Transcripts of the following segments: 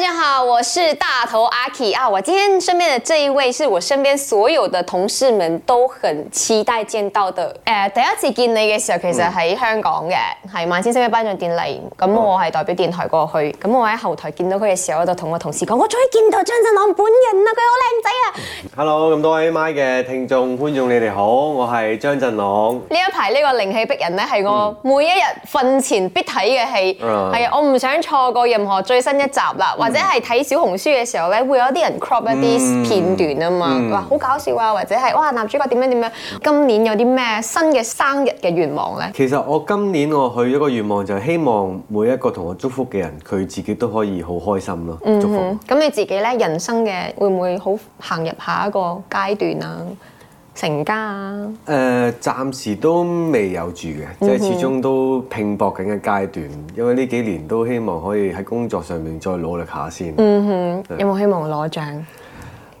大家好，我是大頭阿 k e 啊！我今天身邊的這一位，是我身邊所有的同事們都很期待見到的。誒、呃，第一次見你嘅時候，其實喺香港嘅，係萬、嗯、先生嘅頒獎典禮，咁、嗯、我係代表電台過去。咁、哦、我喺後台見到佢嘅時候，我就同我同事講：嗯、我再見到張震朗本人啊，佢好靚仔啊！Hello，咁多位 m 嘅聽眾觀眾，你哋好，我係張震朗。呢一排呢個靈氣逼人呢，係我每一日瞓前必睇嘅戲，係啊、嗯，我唔想錯過任何最新一集啦。或者係睇小紅書嘅時候咧，會有啲人 crop 一啲片段啊嘛，話好、嗯、搞笑啊，或者係，哇，男主角點樣點樣？今年有啲咩新嘅生日嘅願望咧？其實我今年我去一個願望就係希望每一個同我祝福嘅人，佢自己都可以好開心咯、啊。嗯、哼祝福咁、啊、你自己咧，人生嘅會唔會好行入下一個階段啊？成家啊？誒、呃，暫時都未有住嘅，即係始終都拼搏緊嘅階段。因為呢幾年都希望可以喺工作上面再努力下先。嗯哼，對有冇希望攞獎？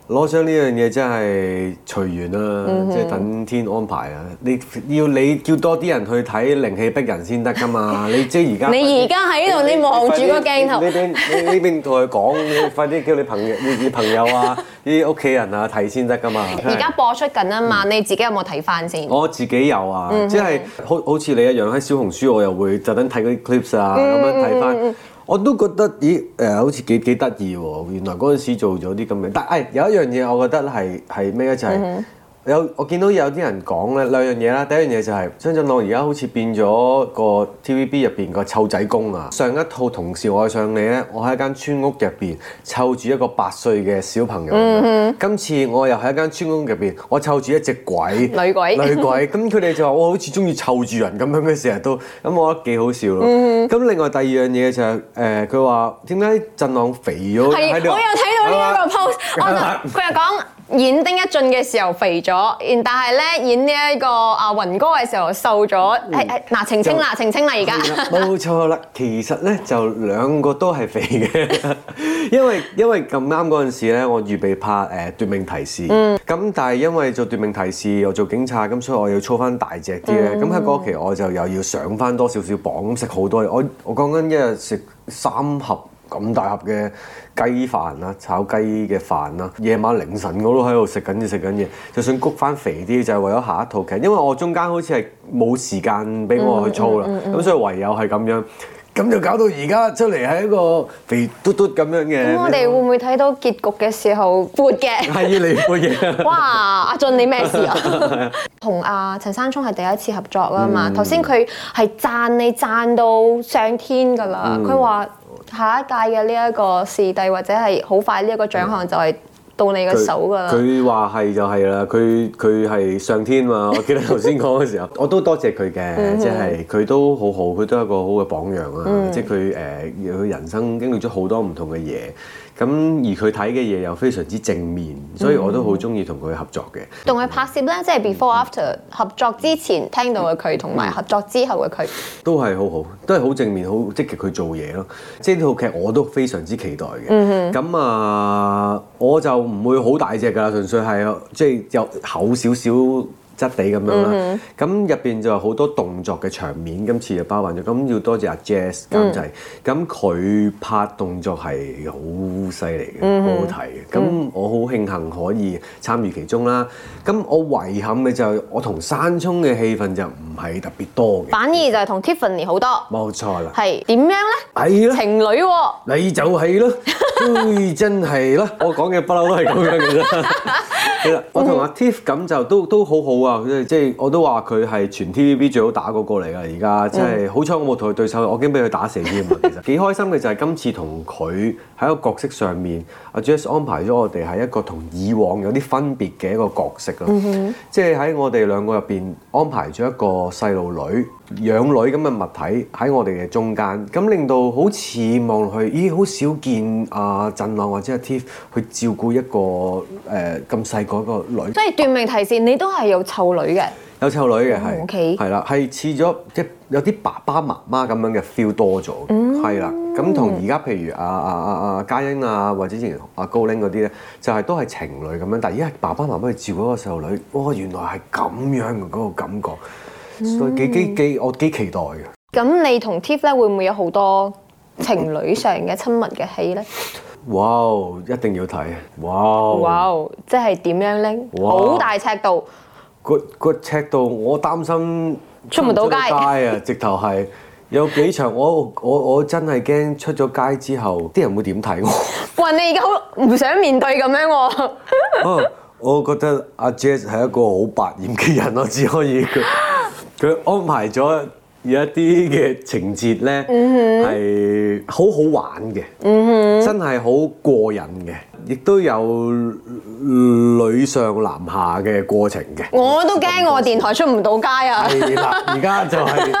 攞相呢樣嘢真係隨緣啦，即係等天安排啊！你要你叫多啲人去睇靈氣逼人先得㗎嘛！你即係而家你而家喺度，你望住個鏡頭，你邊呢邊同佢講，你快啲叫你朋友、你朋友啊、啲屋企人啊睇先得㗎嘛！而家播出緊啊嘛，你自己有冇睇翻先？我自己有啊，即係好好似你一樣喺小紅書，我又會就咁睇嗰啲 clips 啊，咁樣睇翻。我都覺得咦誒、呃，好似幾幾得意喎！原來嗰陣時做咗啲咁嘅，但係、哎、有一樣嘢，我覺得係係咩咧？就係、係。 有我見到有啲人講咧兩樣嘢啦，第一樣嘢就係張振朗而家好似變咗個 TVB 入邊個臭仔公啊！上一套《同事愛上你》呢。我喺間村屋入邊湊住一個八歲嘅小朋友。嗯、哼今次我又喺間村屋入邊，我湊住一隻鬼女鬼女鬼。咁佢哋就話我好似中意湊住人咁樣嘅成日都，咁我覺得幾好笑咯。咁、嗯、哼另外第二樣嘢就係、是、誒，佢話點解振朗肥咗？是我又睇到呢一個 pose 佢又佢又講。 演丁一俊嘅時候肥咗，然但係咧演呢一個阿雲哥嘅時候瘦咗，誒誒，嗱，澄清啦就澄清啦，而家冇錯啦，其實咧就兩個都係肥嘅， 因為因為咁啱嗰陣時咧我預備拍誒、呃、奪命提示，咁、嗯、但係因為做奪命提示又做警察，咁所以我要操翻大隻啲咧，咁喺嗰期我就又要上翻多少少磅，食好多嘢，我我講緊一日食三盒。咁大盒嘅雞飯啦，炒雞嘅飯啦，夜晚凌晨我都喺度食緊嘢食緊嘢，就想谷翻肥啲，就係、是、為咗下一套劇，因為我中間好似係冇時間俾我去操啦，咁、嗯嗯嗯、所以唯有係咁樣，咁就搞到而家出嚟係一個肥嘟嘟咁樣嘅。咁、嗯、我哋會唔會睇到結局嘅時候潑嘅？係你潑嘅。哇！阿俊你咩事啊？同阿 陳山聰係第一次合作啦嘛，頭先佢係讚你讚到上天㗎啦，佢話、嗯。下一屆嘅呢一個視帝，或者係好快呢一個獎項、嗯、就係到你嘅手噶啦。佢話係就係啦，佢佢係上天嘛。 我記得頭先講嘅時候，我都多謝佢嘅，嗯、哼即係佢都好好，佢都係一個好嘅榜樣啊。嗯、即係佢誒，佢、呃、人生經歷咗好多唔同嘅嘢。咁而佢睇嘅嘢又非常之正面，所以我都好中意同佢合作嘅。同佢、嗯、拍攝呢，即係 Before After 合作之前聽到嘅佢，同埋合作之後嘅佢，都係好好，都係好正面，好積極去做嘢咯。即係呢套劇我都非常之期待嘅。咁、嗯、哼啊，我就唔會好大隻㗎喇，純粹係即係有厚少少。質地咁樣啦，咁入邊就有好多動作嘅場面，今次就包含咗。咁要多謝阿 Jazz 監製，咁佢、嗯、哼拍動作係好犀利嘅，好好睇嘅。咁我好慶幸可以參與其中啦。咁我遺憾嘅就係我同山沖嘅戲份就唔係特別多嘅，反而就係同 Tiffany 好多。冇錯啦，係點樣咧？係咯、啊，情侶喎、哦，你就係咯，真係咯， 我講嘅不嬲都係咁樣嘅啫。 係啦，我同阿 Tiff 咁就都都好好啊！即係我都話佢係全 TVB 最好打嗰個嚟噶。而家即係好彩，我冇同佢對手，我已經俾佢打死啲啊！其實幾開心嘅就係今次同佢喺一個角色上面，阿 Jess 安排咗我哋係一個同以往有啲分別嘅一個角色啊！ 即係喺我哋兩個入邊安排咗一個細路女。養女咁嘅物體喺我哋嘅中間，咁令到好似望落去，咦？好少見阿振朗或者阿 Tiff 去照顧一個誒咁細個一個女。所以斷命提示你都係有湊女嘅，有湊女嘅係，係啦，係似咗即、就是、有啲爸爸媽媽咁樣嘅 feel 多咗，係啦、嗯。咁同而家譬如阿阿阿阿嘉欣啊，或者之前阿高鈴嗰啲咧，就係、是、都係情侶咁樣，但係而家爸爸媽媽去照顧一個細路女，哇、哦！原來係咁樣嘅嗰、哦那個感覺。幾幾幾我幾期待嘅。咁、嗯、你同 Tiff 咧會唔會有好多情侶上嘅親密嘅戲咧？哇一定要睇啊！哇哇即係點樣拎？好哇大尺度。個個尺度，我擔心出唔到街啊！直頭係有幾場我，我我我真係驚出咗街之後，啲人會點睇我？哇！你而家好唔想面對咁樣喎。我覺得阿 Jess 係一個好白臉嘅人咯，我只可以。 佢安排咗有一啲嘅情節咧，係好、mm hmm. 好玩嘅，mm hmm. 真係好過癮嘅，亦都有女上男下嘅過程嘅。我都驚我電台出唔到街啊！係 啦，而家就係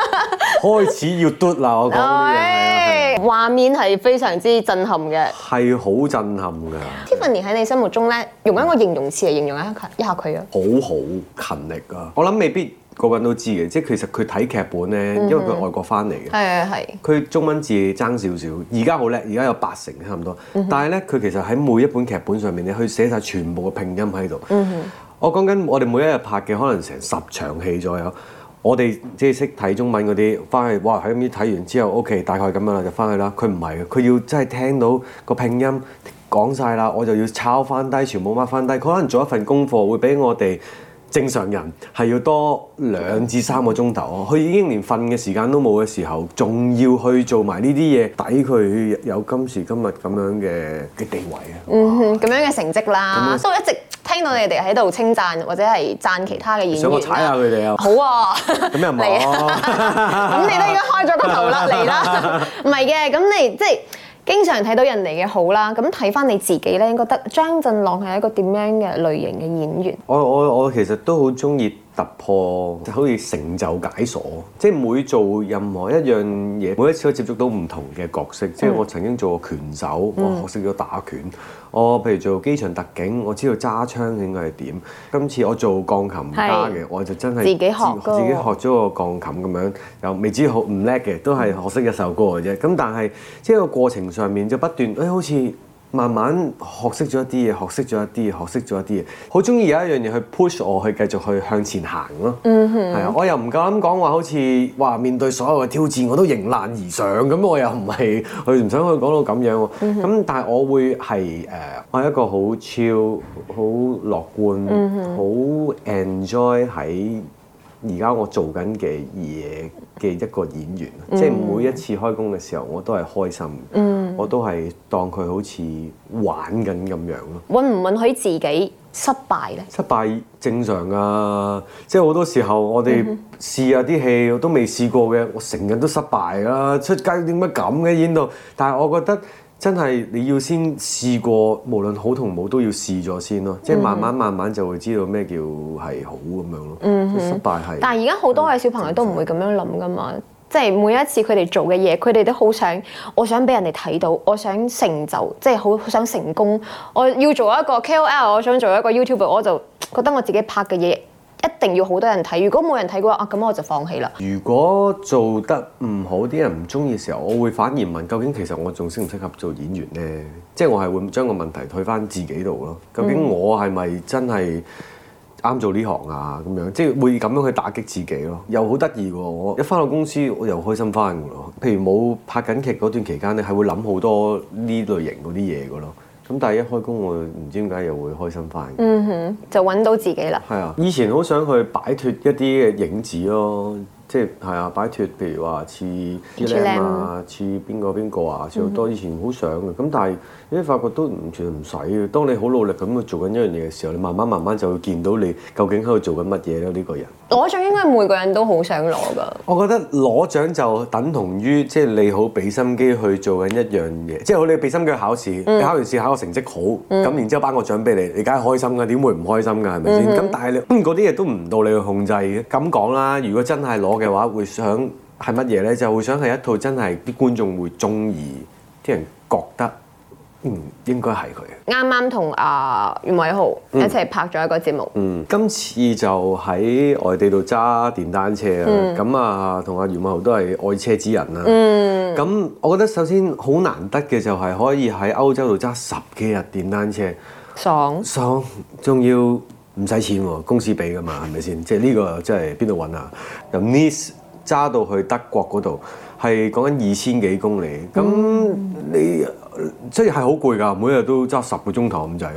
開始要嘟啦，我講呢啲嘢。 畫面係非常之震撼嘅，係好震撼㗎。Tiffany 喺你心目中咧，用一個形容詞嚟形容啊佢，一下佢啊， 好好勤力啊！我諗未必。個人都知嘅，即係其實佢睇劇本咧，因為佢外國翻嚟嘅，佢、mm hmm. 中文字爭少少。而家好叻，而家有八成差唔多。Mm hmm. 但係咧，佢其實喺每一本劇本上面咧，佢寫晒全部嘅拼音喺度。Mm hmm. 我講緊我哋每一日拍嘅可能成十場戲左右，我哋即係識睇中文嗰啲，翻去哇喺邊睇完之後，OK 大概咁樣啦就翻去啦。佢唔係佢要真係聽到個拼音講晒啦，我就要抄翻低，全部 mark 翻低。佢可能做一份功課，會俾我哋。正常人係要多兩至三個鐘頭，佢已經連瞓嘅時間都冇嘅時候，仲要去做埋呢啲嘢，抵佢有今時今日咁樣嘅嘅地位啊！嗯哼，咁樣嘅成績啦，嗯、所，以所以我一直聽到你哋喺度稱讚，或者係讚其他嘅演員。想我踩下佢哋啊！好啊！咁又唔係，咁你都已經開咗個頭啦，嚟啦！唔係嘅，咁你即係。經常睇到人哋嘅好啦，咁睇翻你自己呢，覺得張振朗係一個點樣嘅類型嘅演員？我我我其實都好中意。突破就好似成就解鎖，即係每做任何一樣嘢，每一次都接觸到唔同嘅角色，嗯、即係我曾經做過拳手，嗯、我學識咗打拳；我譬如做機場特警，我知道揸槍應該係點。今次我做鋼琴家嘅，是我就真係自，自己學，自己學咗個鋼琴咁樣，又未知好唔叻嘅，都係學識一首歌嘅啫。咁、嗯、但係即係個過程上面就不斷，誒、哎、好似。慢慢學識咗一啲嘢，學識咗一啲嘢，學識咗一啲嘢，好中意有一樣嘢去 push 我，去繼續去向前行咯。嗯哼、mm，係、hmm. 啊，我又唔夠膽講話，好似話面對所有嘅挑戰我都迎難而上咁。我又唔係、mm hmm. 呃，我唔想去講到咁樣。嗯哼，咁但係我會係誒，我係一個好 chill、好樂觀、好 enjoy 喺。Hmm. 而家我在做緊嘅嘢嘅一個演員，mm hmm. 即係每一次開工嘅時候，我都係開心，mm hmm. 我都係當佢好似玩緊咁樣咯。允唔允許自己失敗呢？失敗正常啊，即係好多時候我哋試下啲戲我都未試過嘅，我成日都失敗啦，出街點解咁嘅，演到，但係我覺得。真係你要先試過，無論好同冇都要試咗先咯，嗯、即係慢慢慢慢就會知道咩叫係好咁樣咯。嗯、哼失敗係。但係而家好多嘅小朋友都唔會咁樣諗噶嘛，是即係每一次佢哋做嘅嘢，佢哋都好想，我想俾人哋睇到，我想成就，即係好想成功。我要做一個 KOL，我想做一個 YouTuber，我就覺得我自己拍嘅嘢。一定要好多人睇，如果冇人睇嘅話，啊咁我就放棄啦。如果做得唔好，啲人唔中意嘅時候，我會反而問究竟其實我仲適唔適合做演員呢？即係我係會將個問題推翻自己度咯。究竟我係咪真係啱做呢行啊？咁樣即係會咁樣去打擊自己咯。又好得意喎！我一翻到公司，我又開心翻噶咯。譬如冇拍緊劇嗰段期間咧，係會諗好多呢類型嗰啲嘢噶咯。咁但係一開工我唔知點解又會開心翻，嗯哼，就揾到自己啦。係啊，以前好想去擺脫一啲嘅影子咯，即係係啊擺脫，譬如話似啲咩啊，似邊個邊個啊，似好多。以前好想嘅，咁但係你發覺都唔全唔使嘅。當你好努力咁去做緊一樣嘢嘅時候，你慢慢慢慢就會見到你究竟喺度做緊乜嘢咯呢個人。攞獎應該每個人都好想攞噶。我覺得攞獎就等同於即係你好俾心機去做緊一樣嘢，即係好你俾心機去考試，嗯、你考完試考個成績好，咁、嗯、然之後頒個獎俾你，你梗係開心㗎，點會唔開心㗎？係咪先？咁、嗯、哼但係你嗰啲嘢都唔到你去控制嘅。咁講啦，如果真係攞嘅話，會想係乜嘢呢？就會想係一套真係啲觀眾會中意，啲人覺得。嗯，應該係佢啱啱同阿袁偉豪一齊拍咗一個節目。嗯，今次就喺外地度揸電單車、嗯、啊！咁啊，同阿袁偉豪都係愛車之人啊！嗯，咁我覺得首先好難得嘅就係可以喺歐洲度揸十幾日電單車，爽爽，仲要唔使錢喎、啊，公司俾噶嘛，係咪先？即係呢個即係邊度搵啊？有 needs 揸到去德國嗰度係講緊二千幾公里，咁你即係係好攰㗎，每日都揸十個鐘頭咁滯啊。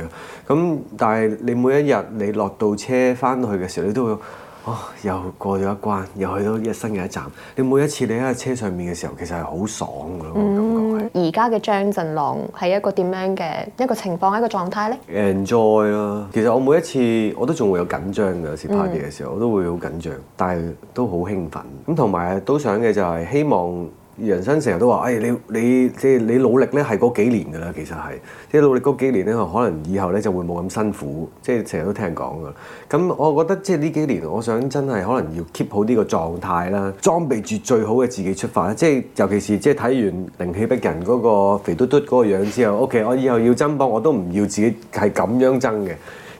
咁但係你每一日你落到車翻去嘅時候，你都會哦，又過咗一關，又去到一新嘅一站。你每一次你喺車上面嘅時候，其實係好爽㗎咯。嗯。而家嘅張振朗係一個點樣嘅一個情況，一個狀態呢？enjoy 咯，其實我每一次我都仲會有緊張嘅，有時拍嘢嘅時候、嗯、我都會好緊張，但係都好興奮咁，同埋都想嘅就係希望。人生成日都話，誒、哎、你你即係你努力咧，係嗰幾年㗎啦，其實係，即係努力嗰幾年咧，可能以後咧就會冇咁辛苦，即係成日都聽人講㗎。咁我覺得即係呢幾年，我想真係可能要 keep 好呢個狀態啦，裝備住最好嘅自己出發啦。即係尤其是即係睇完《靈氣逼人》嗰、那個肥嘟嘟嗰、那個樣之後 ，OK，我以後要增磅我都唔要自己係咁樣增嘅。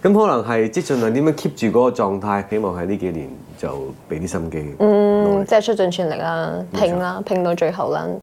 咁可能係即盡量點樣 keep 住嗰個狀態，希望喺呢幾年就俾啲心機。嗯，力即係出盡全力啦，拼啦，錯拼到最後啦。